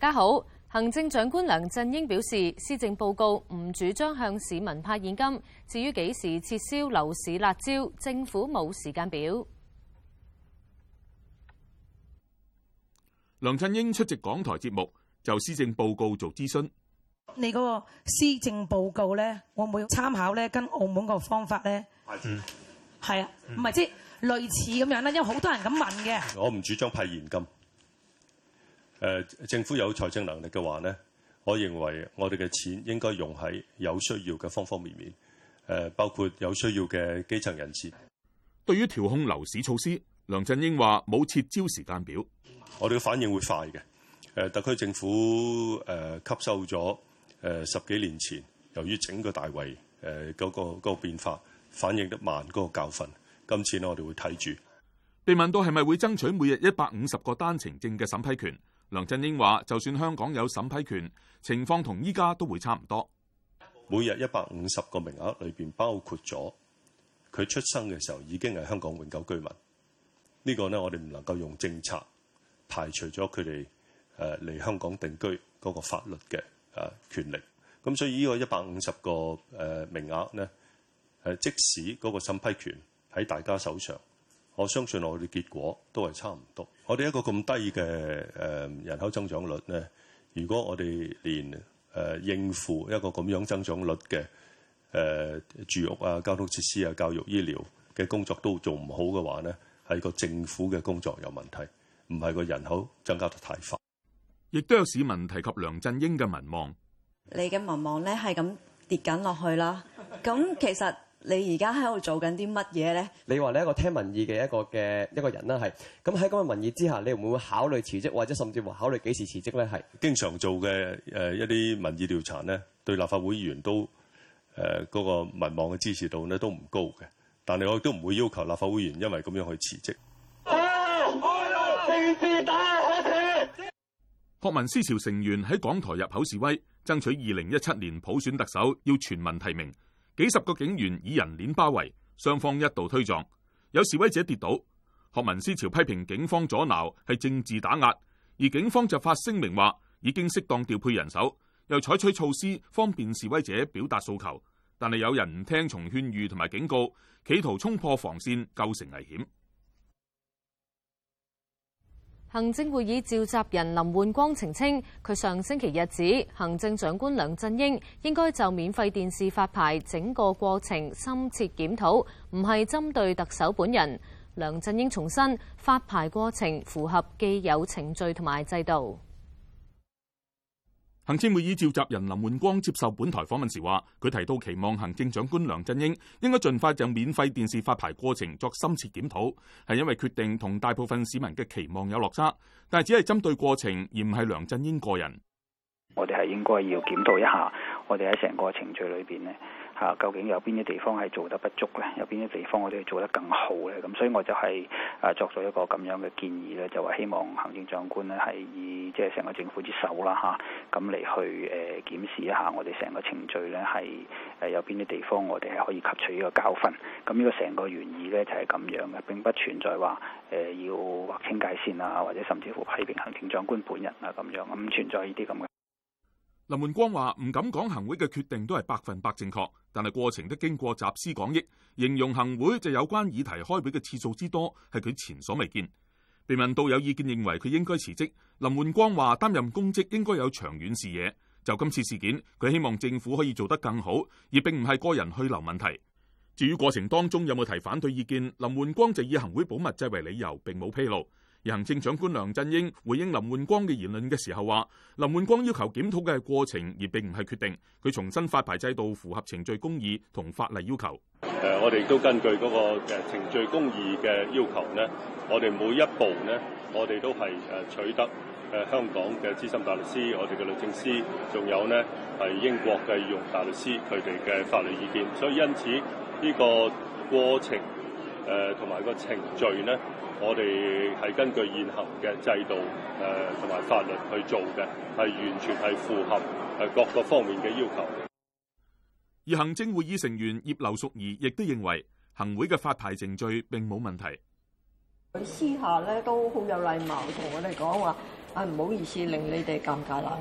大家好，行政長官梁振英表示，施政報告唔主張向市民派現金。至於幾時撤銷樓市辣招，政府冇時間表。梁振英出席港台節目，就施政報告做諮詢。你嗰個施政報告咧，我會唔會參考咧，跟澳門個方法咧，嗯，係啊，唔係即係類似咁樣啦，因為好多人咁問嘅。我唔主張派現金。誒政府有財政能力嘅話，咧，我認為我哋嘅錢應該用喺有需要嘅方方面面。誒包括有需要嘅基層人士。對於調控樓市措施，梁振英話冇撤招時間表，我哋嘅反應會快嘅。誒特區政府誒吸收咗誒十幾年前由於整個大圍誒嗰個嗰個變化反應得慢嗰個教訓，今次咧我哋會睇住。被問到係咪會爭取每日一百五十個單程證嘅審批權。梁振英話：就算香港有審批權，情況同依家都會差唔多。每日一百五十個名額裏邊，包括咗佢出生嘅時候已經係香港永久居民。呢個呢，我哋唔能夠用政策排除咗佢哋誒嚟香港定居嗰個法律嘅誒權力。咁所以呢個一百五十個誒名額呢，誒即使嗰個審批權喺大家手上。我相信我哋結果都係差唔多。我哋一個咁低嘅誒人口增長率咧，如果我哋連誒、呃、應付一個咁樣增長率嘅誒、呃、住屋啊、交通設施啊、教育醫療嘅工作都做唔好嘅話咧，係個政府嘅工作有問題，唔係個人口增加得太快。亦都有市民提及梁振英嘅民望，你嘅民望咧係咁跌緊落去啦。咁其實，你而家喺度做緊啲乜嘢咧？你話你一個聽民意嘅一個嘅一個人啦，係咁喺嗰個民意之下，你會唔會考慮辭職，或者甚至乎考慮幾時辭職咧？係經常做嘅誒一啲民意調查咧，對立法會議員都誒嗰、呃嗰個民望嘅支持度咧都唔高嘅，但係我亦都唔會要求立法會議員因為咁樣去辭職。學、啊、民、啊啊、思潮成員喺港台入口示威，爭取二零一七年普選特首要全民提名。幾十個警員以人鏈包圍，雙方一度推撞，有示威者跌倒。學民思潮批評警方阻撓係政治打壓，而警方就發聲明話已經適當調配人手，又採取措施方便示威者表達訴求，但係有人唔聽從勸喻同埋警告，企圖衝破防線，構成危險。行政會議召集人林煥光澄清，佢上星期日指行政長官梁振英應該就免費電視發牌整個過程深切檢討，唔係針對特首本人。梁振英重申發牌過程符合既有程序同埋制度。行政會議召集人林煥光接受本台訪問時話，佢提到期望行政長官梁振英應該盡快就免費電視發牌過程作深切檢討，係因為決定同大部分市民嘅期望有落差，但係只係針對過程而唔係梁振英個人。我哋係應該要檢討一下，我哋喺成個程序裏邊咧。啊，究竟有邊啲地方係做得不足呢？有邊啲地方我哋係做得更好呢？咁所以我就係、是、啊，作咗一個咁樣嘅建議呢，就話希望行政長官呢係以即係成個政府之首啦吓，咁、啊、嚟去誒、呃、檢視一下我哋成個程序呢係誒、呃、有邊啲地方我哋係可以吸取呢個教訓。咁呢個成個原意呢就係、是、咁樣嘅，並不存在話誒、呃、要劃清界線啊，或者甚至乎批評行政長官本人啊咁樣，唔、嗯、存在呢啲咁嘅。林煥光話唔敢講行會嘅決定都係百分百正確，但係過程都經過集思廣益。形容行會就有關議題開會嘅次數之多，係佢前所未見。被問到有意見認為佢應該辭職，林煥光話擔任公職應該有長遠視野。就今次事件，佢希望政府可以做得更好，而並唔係個人去留問題。至於過程當中有冇提反對意見，林煥光就以行會保密制為理由，並冇披露。行政長官梁振英回應林煥光嘅言論嘅時候話，林煥光要求檢討嘅係過程，而並唔係決定。佢重新發牌制度符合程序公義同法例要求，呃。誒，我哋都根據嗰個程序公義嘅要求呢，我哋每一步呢，我哋都係取得香港嘅資深大律師，我哋嘅律政司，仲有呢係英國嘅御用大律師，佢哋嘅法律意見。所以因此呢個過程誒同埋個程序呢，我哋係根據現行嘅制度，誒同埋法律去做嘅，係完全係符合誒各個方面嘅要求嘅。而行政會議成員葉劉淑儀亦都認為，行會嘅發牌程序並冇問題。佢私下咧都好有禮貌，同我哋講話，啊唔好意思，令你哋尷尬啦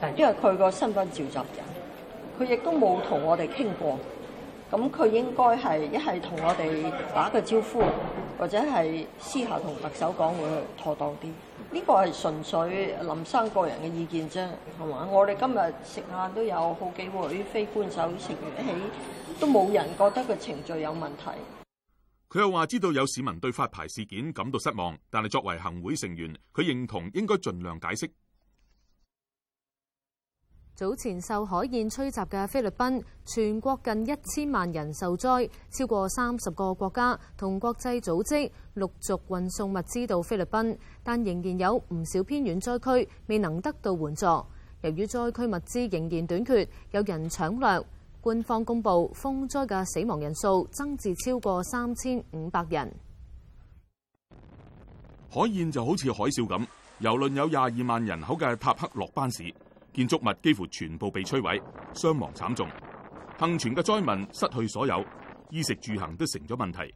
咁。因為佢個身份召集人，佢亦都冇同我哋傾過。咁佢應該係一係同我哋打個招呼。或者係私下同特首講會妥當啲，呢個係純粹林生個人嘅意見啫，係嘛？我哋今日食晏都有好幾位非官守成員一起，都冇人覺得個程序有問題。佢又話知道有市民對發牌事件感到失望，但係作為行會成員，佢認同應該盡量解釋。早前受海燕吹襲嘅菲律賓，全國近一千萬人受災，超過三十個國家同國際組織陸續運送物資到菲律賓，但仍然有唔少偏遠災區未能得到援助。由於災區物資仍然短缺，有人搶掠。官方公布風災嘅死亡人數增至超過三千五百人。海燕就好似海嘯咁，蹂躪有廿二萬人口嘅塔克洛班市。建築物幾乎全部被摧毀，傷亡慘重。幸存嘅災民失去所有，衣食住行都成咗問題。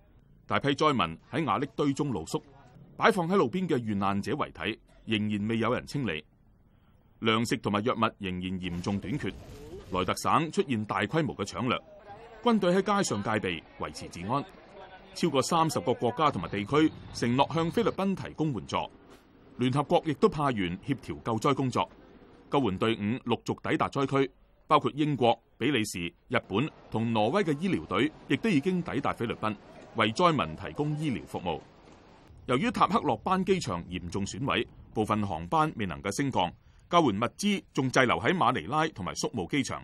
大批災民喺瓦礫堆中露宿，擺放喺路邊嘅遇難者遺體仍然未有人清理。糧食同埋藥物仍然嚴重短缺。萊特省出現大規模嘅搶掠，軍隊喺街上戒備維持治安。超過三十個國家同埋地區承諾向菲律賓提供援助，聯合國亦都派員協調救災工作。救援隊伍陸續抵達災區，包括英國、比利時、日本同挪威嘅醫療隊，亦都已經抵達菲律賓，為災民提供醫療服務。由於塔克洛班機場嚴重損毀，部分航班未能夠升降，救援物資仲滯留喺馬尼拉同埋宿務機場。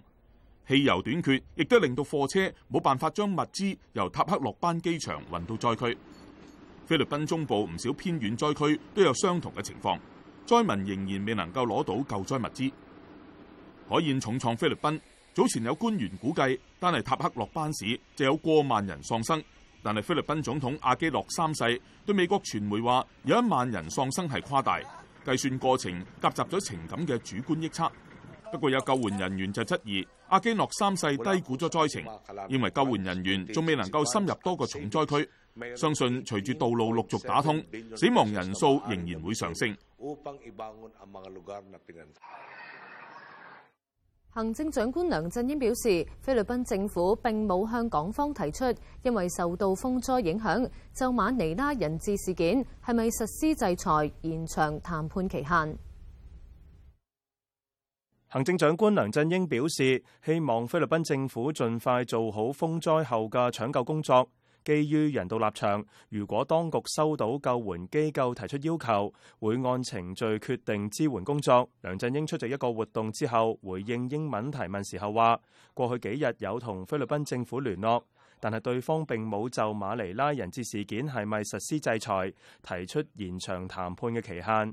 汽油短缺亦都令到貨車冇辦法將物資由塔克洛班機場運到災區。菲律賓中部唔少偏遠災區都有相同嘅情況。災民仍然未能夠攞到救災物資，海燕重創菲律賓。早前有官員估計，單係塔克洛班市就有過萬人喪生。但係菲律賓總統阿基諾三世對美國傳媒話，有一萬人喪生係誇大，計算過程，夾雜咗情感嘅主觀臆測。不過有救援人員就質疑，阿基諾三世低估咗災情，認為救援人員仲未能夠深入多個重災區，相信隨住道路陸續打通，死亡人數仍然會上升。行政長官梁振英表示，菲律賓政府並冇向港方提出，因為受到風災影響，就馬尼拉人質事件係咪實施制裁、延長談判期限。行政長官梁振英表示，希望菲律賓政府盡快做好風災後嘅搶救工作。基於人道立場，如果當局收到救援機構提出要求，會按程序決定支援工作。梁振英出席一個活動之後，回應英文提問時候話：過去幾日有同菲律賓政府聯絡，但係對方並冇就馬尼拉人質事件係咪實施制裁，提出延長談判嘅期限。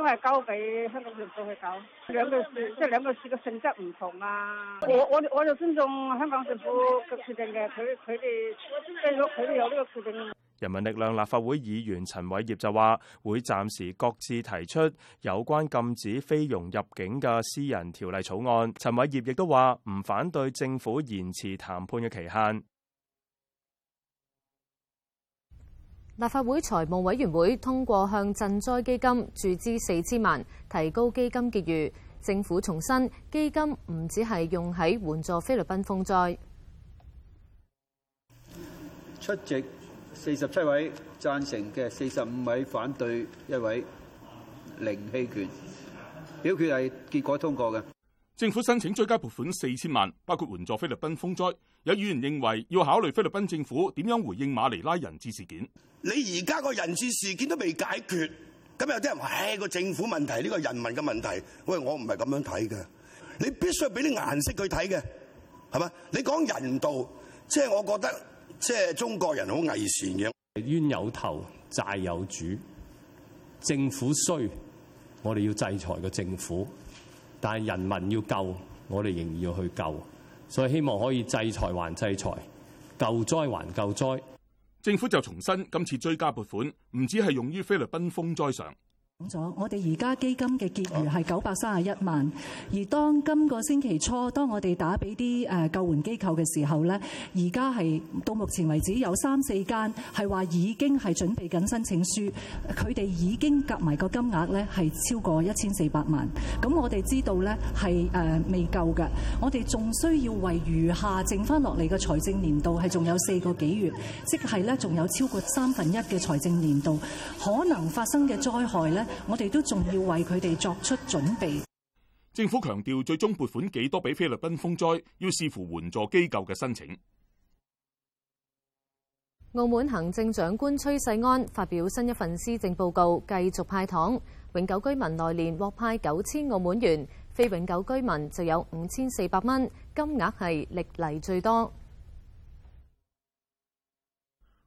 都係交俾香港政府去搞兩個，即係、兩件事即係兩件事嘅性質唔同啊，我！我我我就尊重香港政府嘅決定嘅，佢佢哋即係佢佢有呢個決定。人民力量立法會議員陳偉業就話：會暫時各自提出有關禁止菲傭入境嘅私人條例草案。陳偉業亦都話唔反對政府延遲談判嘅期限。立法會財務委員會通過向賑災基金注資四千萬，提高基金結餘。政府重申，基金唔只係用喺援助菲律賓風災。出席四十七位，贊成嘅四十五位，反對一位，零棄權，表決係結果通過嘅。政府申請追加撥款四千萬，包括援助菲律賓風災。有議員認為要考慮菲律賓政府點樣回應馬尼拉人質事件。你而家個人質事件都未解決，咁有啲人話，誒，個政府問題，呢個人民嘅問題。喂，我唔係咁樣睇嘅。你必須俾啲顏色佢睇嘅，係嘛？你講人道，即係我覺得，即係中國人好偽善嘅。冤有頭，債有主。政府衰，我哋要制裁個政府，但係人民要救，我哋仍然要去救。所以希望可以制裁還制裁，救災還救災，政府就重申，今次追加撥款唔止係用於菲律賓風災上。講我哋而家基金嘅結餘係九百三十一萬，而當今個星期初，當我哋打俾啲誒救援機構嘅時候呢，而家係到目前為止有三四間係話已經係準備緊申請書，佢哋已經夾埋個金額呢係超過一千四百萬，咁我哋知道呢係誒未夠嘅，我哋仲需要為餘下剩翻落嚟嘅財政年度係仲有四個幾月，即係呢仲有超過三分一嘅財政年度可能發生嘅災害呢。我哋都仲要為佢哋作出準備。政府強調，最終撥款幾多俾菲律賓風災，要視乎援助機構嘅申請。澳門行政長官崔世安發表新一份施政報告，繼續派糖，永久居民來年獲派九千澳門元，非永久居民就有五千四百蚊，金額係歷嚟最多。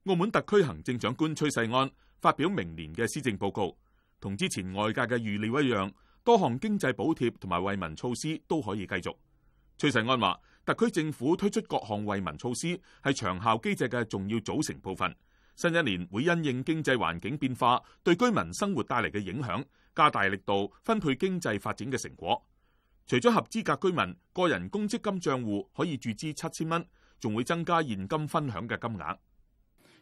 澳門特區行政長官崔世安發表明年嘅施政報告。同之前外界嘅預料一樣，多項經濟補貼同埋惠民措施都可以繼續。崔世安話，特區政府推出各項惠民措施係長效機制嘅重要組成部分。新一年會因應經濟環境變化，對居民生活帶嚟嘅影響，加大力度分配經濟發展嘅成果。除咗合資格居民個人公積金帳戶可以注資七千蚊，仲會增加現金分享嘅金額。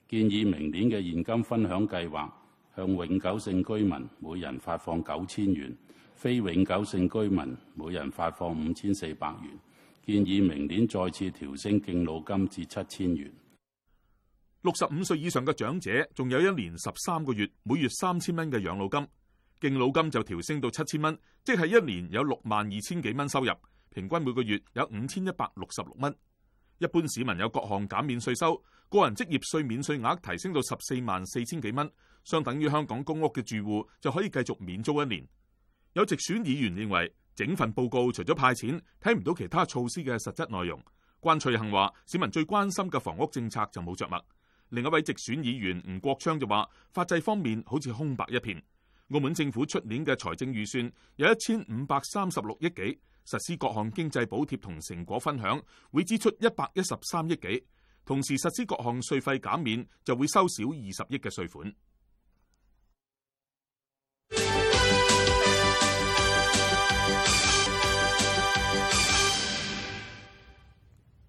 建議明年嘅現金分享計劃。向永久性居民每人發放九千元，非永久性居民每人發放五千四百元。建議明年再次調升敬老金至七千元。六十五歲以上嘅長者仲有一年十三個月，每月三千蚊嘅養老金，敬老金就調升到七千蚊，即係一年有六萬二千幾蚊收入，平均每個月有五千一百六十六蚊。一般市民有各項減免稅收，個人職業稅免稅額提升到十四萬四千幾蚊。相等於香港公屋嘅住戶就可以繼續免租一年。有直選議員認為，整份報告除咗派錢，睇唔到其他措施嘅實質內容。關翠杏話，市民最關心嘅房屋政策就冇着墨。另一位直選議員吳國昌就話，法制方面好似空白一片。澳門政府出年嘅財政預算有一千五百三十六億幾，實施各項經濟補貼同成果分享會支出一百一十三億幾，同時實施各項稅費減免就會收少二十億嘅稅款。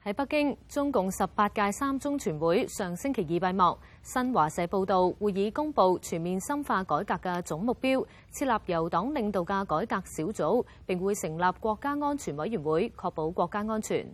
喺北京，中共十八屆三中全會上星期二閉幕。新華社報道，會議公布全面深化改革嘅總目標，設立由黨領導嘅改革小組，並會成立國家安全委員會，確保國家安全。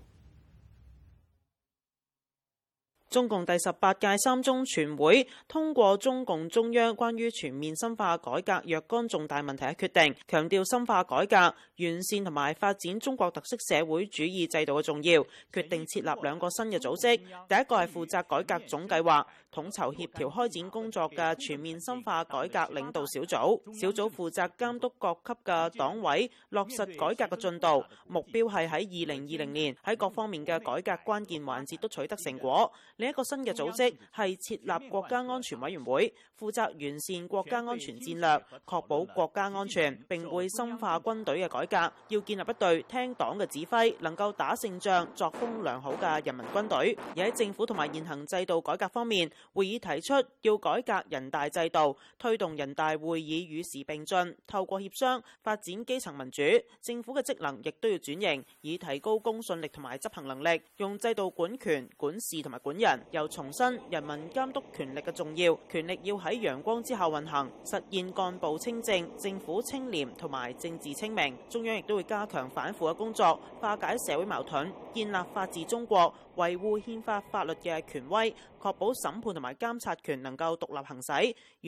中共第十八屆三中全會通過中共中央關於全面深化改革若干重大問題嘅決定，強調深化改革、完善同埋發展中國特色社會主義制度嘅重要。決定設立兩個新嘅組織，第一個係負責改革總計劃。統籌協調開展工作嘅全面深化改革領導小組，小組負責監督各級嘅黨委落實改革嘅進度，目標係喺二零二零年喺各方面嘅改革關鍵環節都取得成果。另一個新嘅組織係設立國家安全委員會，負責完善國家安全戰略，確保國家安全，並會深化軍隊嘅改革，要建立一隊聽黨嘅指揮，能夠打勝仗、作風良好嘅人民軍隊。而喺政府同埋現行制度改革方面，會議提出要改革人大制度，推動人大會議與時並進，透過協商發展基層民主。政府嘅職能亦都要轉型，以提高公信力同埋執行能力，用制度管權、管事同埋管人。又重申人民監督權力嘅重要，權力要喺陽光之下運行，實現幹部清正、政府清廉同埋政治清明。中央亦都會加強反腐嘅工作，化解社會矛盾，建立法治中國。維護憲法法律嘅權威，確保審判同埋監察權能夠獨立行使，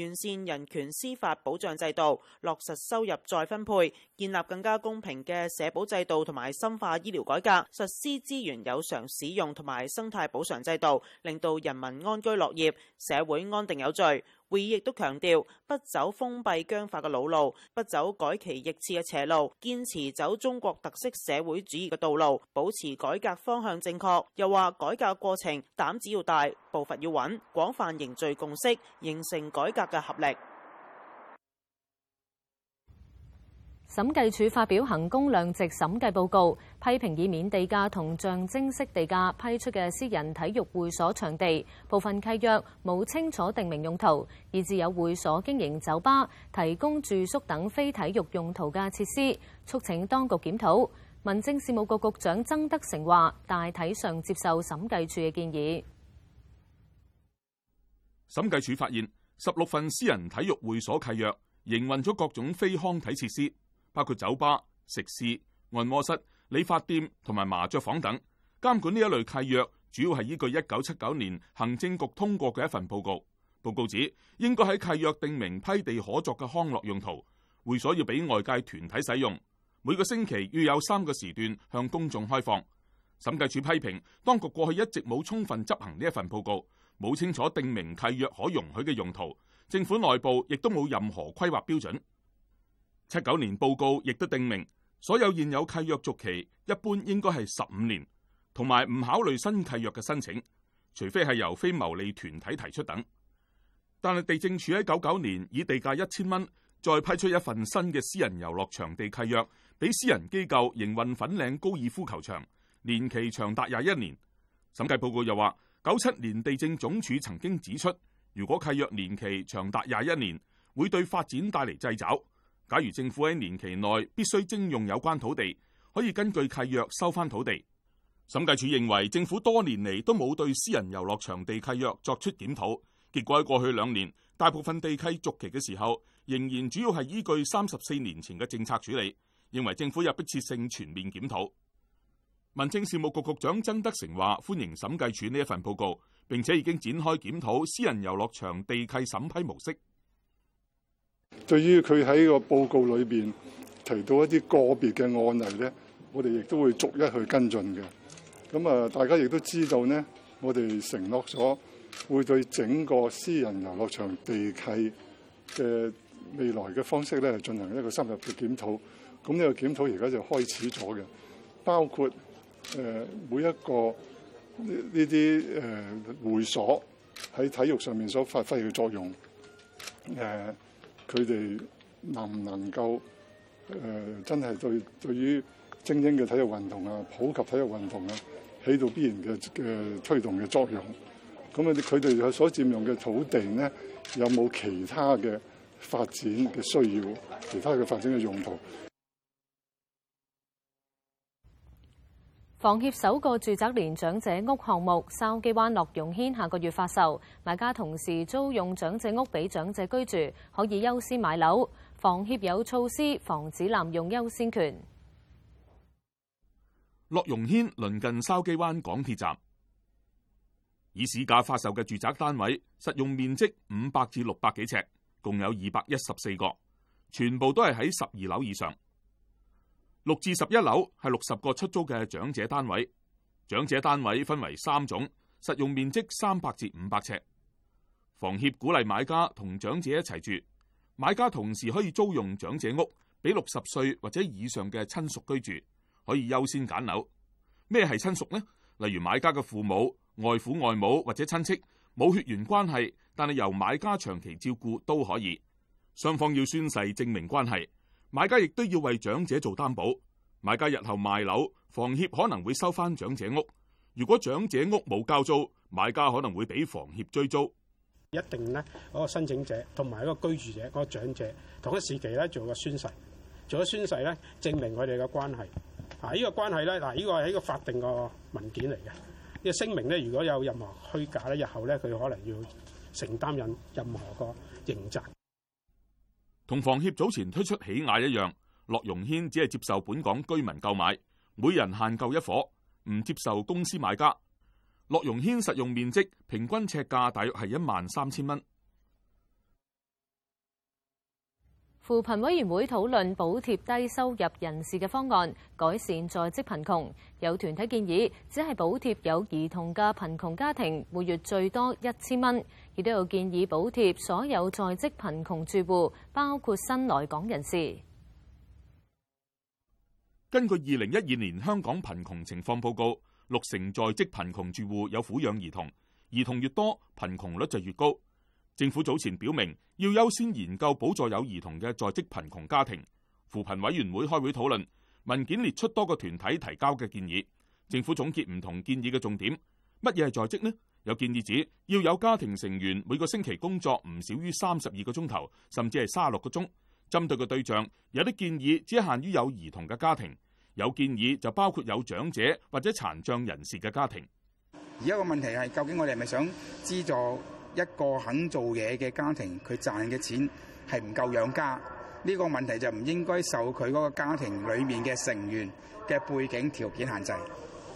完善人權司法保障制度，落實收入再分配。建立更加公平嘅社保制度同埋深化醫療改革，實施資源有償使用同埋生態補償制度，令到人民安居樂業，社會安定有序。會議亦都強調不走封閉僵化嘅老路，不走改旗易幟嘅邪路，堅持走中國特色社會主義嘅道路，保持改革方向正確。又話改革過程膽子要大，步伐要穩，廣泛凝聚共識，形成改革嘅合力。審計署發表衡工量值審計報告，批評以免地價同象徵式地價批出嘅私人體育會所場地部分契約冇清楚定明用途，以至有會所經營酒吧、提供住宿等非體育用途嘅設施，促請當局檢討。民政事務局局長曾德成話，大體上接受審計署嘅建議。審計署發現十六份私人體育會所契約營運咗各種非康體設施。包括酒吧、食肆、按摩室、理髮店同埋麻雀房等。監管呢一類契約，主要係依據一九七九年行政局通過嘅一份報告。報告指應該喺契約定明批地可作嘅康樂用途，會所要俾外界團體使用，每個星期要有三個時段向公眾開放。審計署批評當局過去一直冇充分執行呢一份報告，冇清楚定明契約可容許嘅用途，政府內部亦都冇任何規劃標準。七九年報告亦都定明，所有現有契約續期一般應該係十五年，同埋唔考慮新契約嘅申請，除非係由非牟利團體提出等。但係地政署喺九九年以地價一千蚊再批出一份新嘅私人遊樂場地契約，俾私人機構營運粉嶺高爾夫球場，年期長達廿一年。審計報告又話，九七年地政總署曾經指出，如果契約年期長達廿一年，會對發展帶嚟掣肘。假如政府喺年期內必須徵用有關土地，可以根據契約收翻土地。審計署認為政府多年嚟都冇對私人遊樂場地契約作出檢討，結果喺過去兩年大部分地契續期嘅時候，仍然主要係依據三十四年前嘅政策處理，認為政府有迫切性全面檢討。民政事務局局長曾德成話：歡迎審計署呢一份報告，並且已經展開檢討私人遊樂場地契審批模式。對於佢喺個報告裏邊提到一啲個別嘅案例咧，我哋亦都會逐一去跟進嘅。咁啊，大家亦都知道咧，我哋承諾咗會對整個私人遊樂場地契嘅未來嘅方式咧，進行一個深入嘅檢討。咁呢個檢討而家就開始咗嘅，包括誒每一個呢啲誒會所喺體育上面所發揮嘅作用誒。佢哋能唔能夠、呃、真係對對於精英嘅體育運動啊、普及體育運動啊起到必然嘅嘅、呃、推動嘅作用？咁、嗯、啊，佢哋所佔用嘅土地咧，有冇其他嘅發展嘅需要？其他嘅發展嘅用途？房協首個住宅連長者屋項目筲箕灣樂融軒下個月發售，買家同時租用長者屋俾長者居住，可以優先買樓。房協有措施防止濫用優先權。樂融軒鄰近筲箕灣港鐵站，以市價發售嘅住宅單位，實用面積五百至六百幾尺，共有二百一十四個，全部都係喺十二樓以上。六至十一樓係六十個出租嘅長者單位，長者單位分為三種，實用面積三百至五百尺。房協鼓勵買家同長者一齊住，買家同時可以租用長者屋，俾六十歲或者以上嘅親屬居住，可以優先揀樓。咩係親屬呢？例如買家嘅父母、外父外母或者親戚，冇血緣關係，但係由買家長期照顧都可以。雙方要宣誓證明關係。買家亦都要為長者做擔保，買家日後賣樓，房協可能會收翻長者屋。如果長者屋冇交租，買家可能會俾房協追租。一定咧，嗰個申請者同埋一個居住者，嗰個長者同一時期咧做個宣誓，做咗宣誓咧，證明佢哋嘅關係。啊，呢個關係咧，嗱，呢個係一個法定嘅文件嚟嘅。呢個聲明咧，如果有任何虛假咧，日後咧佢可能要承擔任任何個刑責。同房協早前推出喜雅一樣，樂融軒只係接受本港居民購買，每人限購一伙，唔接受公司買家。樂融軒實用面積平均尺價大約係一萬三千蚊。扶貧委員會討論補貼低收入人士嘅方案，改善在職貧窮。有團體建議，只係補貼有兒童嘅貧窮家庭，每月最多一千蚊。亦都有建議補貼所有在職貧窮住戶，包括新來港人士。根據二零一二年香港貧窮情況報告，六成在職貧窮住戶有撫養兒童，兒童越多，貧窮率就越高。政府早前表明要優先研究補助有兒童嘅在職貧窮家庭。扶貧委員會開會討論文件，列出多個團體提交嘅建議。政府總結唔同建議嘅重點，乜嘢係在職呢？有建議指要有家庭成員每個星期工作唔少於三十二個鐘頭，甚至係卅六個鐘。針對嘅對象有啲建議只限於有兒童嘅家庭，有建議就包括有長者或者殘障人士嘅家庭。而家個問題係，究竟我哋係咪想資助一個肯做嘢嘅家庭，佢賺嘅錢係唔夠養家？呢個問題就唔應該受佢嗰個家庭裡面嘅成員嘅背景條件限制。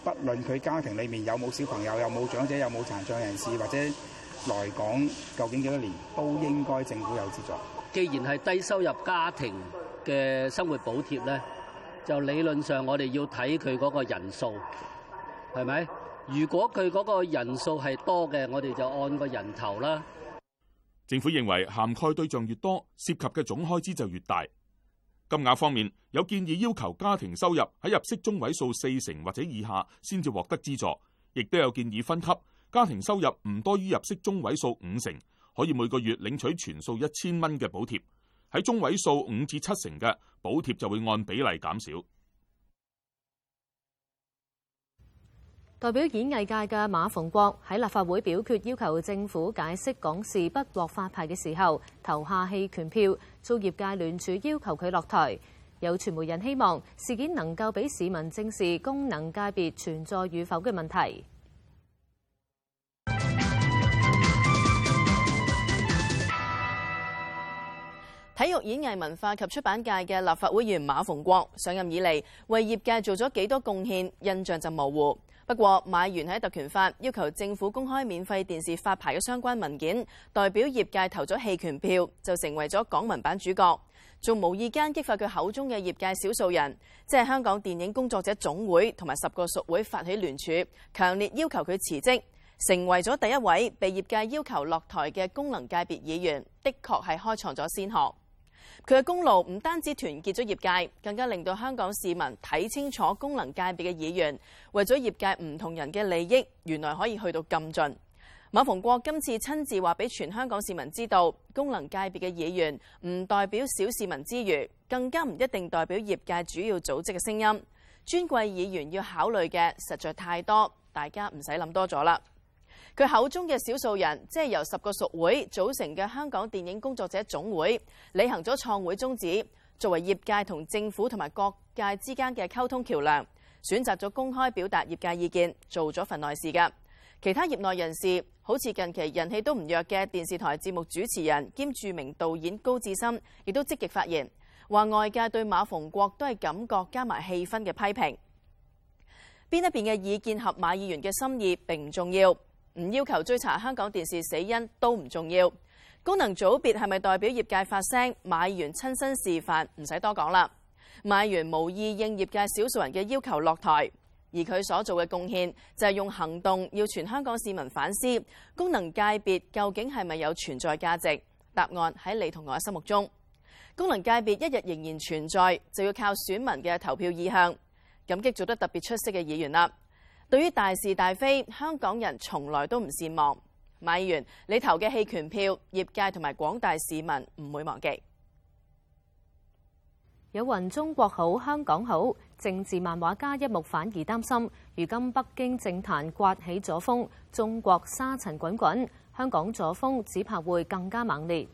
不論佢家庭裡面有冇小朋友，有冇長者，有冇殘障人士，或者來港究竟幾多年，都應該政府有資助。既然係低收入家庭嘅生活補貼咧，就理論上我哋要睇佢嗰個人數，係咪？如果佢嗰個人數係多嘅，我哋就按個人頭啦。政府認為涵蓋對象越多，涉及嘅總開支就越大。金額方面有建議要求家庭收入喺入息中位數四成或者以下先至獲得資助，亦都有建議分級，家庭收入唔多於入息中位數五成，可以每個月領取全數一千蚊嘅補貼；喺中位數五至七成嘅補貼就會按比例減少。代表演藝界嘅馬逢國喺立法會表決要求政府解釋港視不獲發牌嘅時候投下棄權票，遭業界聯署要求佢落台。有傳媒人希望事件能夠俾市民正視功能界別存在與否嘅問題。體育、演藝、文化及出版界嘅立法會議員馬逢國上任以嚟為業界做咗幾多貢獻，印象就模糊。不過買完喺特權法要求政府公開免費電視發牌嘅相關文件，代表業界投咗棄權票，就成為咗港民版主角，仲無意間激發佢口中嘅業界少數人，即係香港電影工作者總會同埋十個屬會發起聯署，強烈要求佢辭職，成為咗第一位被業界要求落台嘅功能界別議員，的確係開創咗先河。佢嘅功勞唔單止團結咗業界，更加令到香港市民睇清楚功能界別嘅議員。為咗業界唔同人嘅利益，原來可以去到咁盡。馬逢國今次親自話俾全香港市民知道，功能界別嘅議員唔代表小市民之餘，更加唔一定代表業界主要組織嘅聲音。尊貴議員要考慮嘅實在太多，大家唔使諗多咗啦。佢口中嘅少數人，即係由十個屬會組成嘅香港電影工作者總會，履行咗創會宗旨，作為業界同政府同埋各界之間嘅溝通橋梁，選擇咗公開表達業界意見，做咗份內事。㗎其他業內人士，好似近期人氣都唔弱嘅電視台節目主持人兼著名導演高志森，亦都積極發言，話外界對馬逢國都係感覺加埋氣氛嘅批評。邊一邊嘅意見合馬議員嘅心意並唔重要。唔要求追查香港電視死因都唔重要。功能組別係咪代表業界發聲？買完親身示範，唔使多講啦。買完無意應業界少數人嘅要求落台，而佢所做嘅貢獻就係用行動要全香港市民反思功能界別究竟係咪有存在價值？答案喺你同我心目中。功能界別一日仍然存在，就要靠選民嘅投票意向。感激做得特別出色嘅議員啦。對於大是大非，香港人從來都唔善忘。馬議員，你投嘅棄權票，業界同埋廣大市民唔會忘記。有云中國好，香港好。政治漫畫家一目反而擔心，如今北京政壇刮起左風，中國沙塵滾滾，香港左風只怕會更加猛烈。